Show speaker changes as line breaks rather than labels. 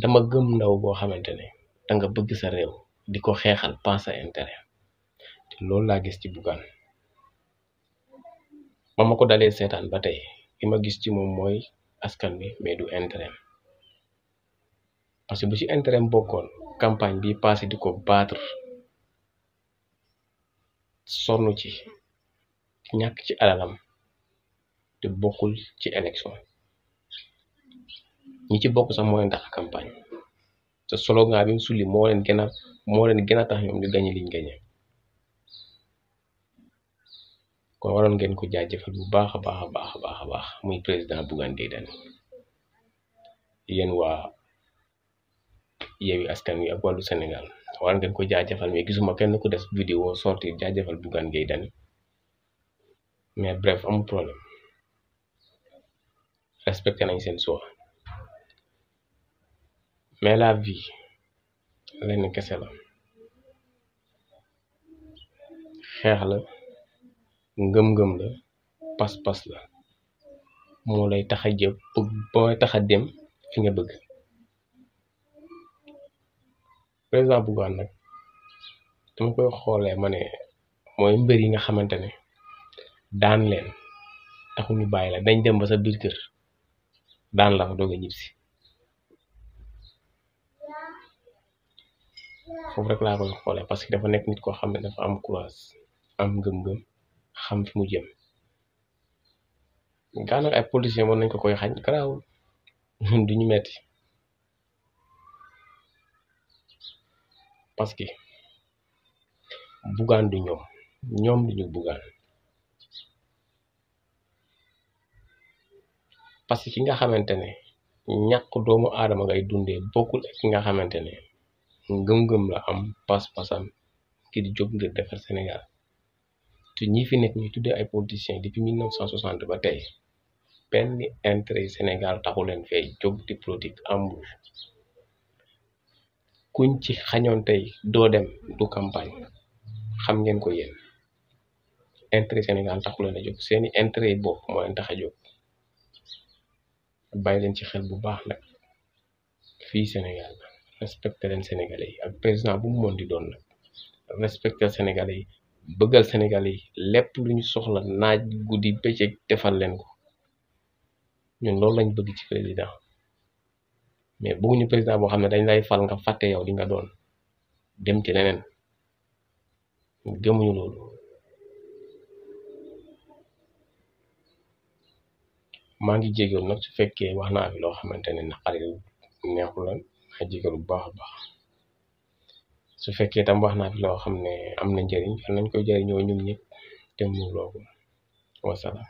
dama gëm ndaw boo xamante ne da nga bëgg sa réew di ko xeexal pas sa intérêt loolu laa gis ci Bougane ba ko dalee seetaan ba tey li ma gis ci moom mooy askan bi mais du intérêt parce que bu ci intérêt bokkoon campagne bi passé di ko battre sonn ci ñàkk ci alalam te bokkul ci élection ñi ci bokk sax moo leen tax campagne te slogan bi mu sulli moo leen gën a moo gën a tax ñoom ñu gañe liñ gañe kon waroon ngeen ko jaajëfal bu baax a baax a baax a baax a baax muy président Bougane Gueye Dany yéen waa Yewwi Askan Wi ak Wallu Sénégal war ngeen ko jaajëfal mais gisuma kenn ku des vidéo sorti jaajëfal Bougane Gueye Dany mais bref amul problème respecté nañ seen choix mais la vie lenn kese la xeex la ngëm-ngëm la pas-pas la moo lay taxa jëp mooy taxa dem fi nga bëgg président Bougane nag dama koy xoolee ma ne mooy mbër yi nga xamante ne daan leen taxu ñu bàyyi la dañ dem ba sa biir daan la fa doog a ñibbisi foofu rek laa koy xoolee parce que dafa nekk nit koo xam ne dafa am courage am ngëm-ngëm xam fi mu jëm gaa nag ay policiers mën nañ ko koy xañ garaawul ñun du ñu metti parce que bugaan du ñoom ñoom du ñu bugaan parce que ki nga xamante ne ñàkk doomu aadama ngay dundee bokkul ak ki nga xamante ne. ngëm-ngëm la am pas-pasam ngir jóg ngir defar Sénégal te ñi fi nekk ñu tuddee ay di politiciens depuis 1960 ba tey benn intérêt Sénégal taxu leen fay jóg di politique amul kuñ ci xañoon tey doo dem du campagne xam ngeen ko yéen intérêt Sénégal taxu leen a jóg seeni intérêt yi bopp moo leen tax a jóg bàyyi leen ci xel bu baax nag fii Sénégal respecté leen Sénégalais yi ak président bu moon mën di doon nag respecté Sénégalais yi bëggal Sénégalais yi lépp lu ñu soxla naaj guddi bëccëg defal leen ko ñun loolu lañ bëgg ci président mais bëgguñu président boo xam ne dañ lay fal nga fàtte yow li nga doon dem ci leneen gëmuñu loolu maa ngi jégoon nag su fekkee wax naa fi loo xamante ne naqari neexul lan jégal bu baax a baax su fekkee tam wax naa fi loo xam ne am na njëriñ fan nañ koy jëriñoo ñun ñëpp te mu loogu wasalaam